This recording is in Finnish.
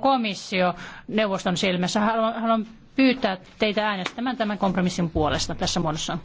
komissio neuvoston silmässä. Haluan, haluan pyytää teitä äänestämään tämän kompromissin puolesta tässä muodossa.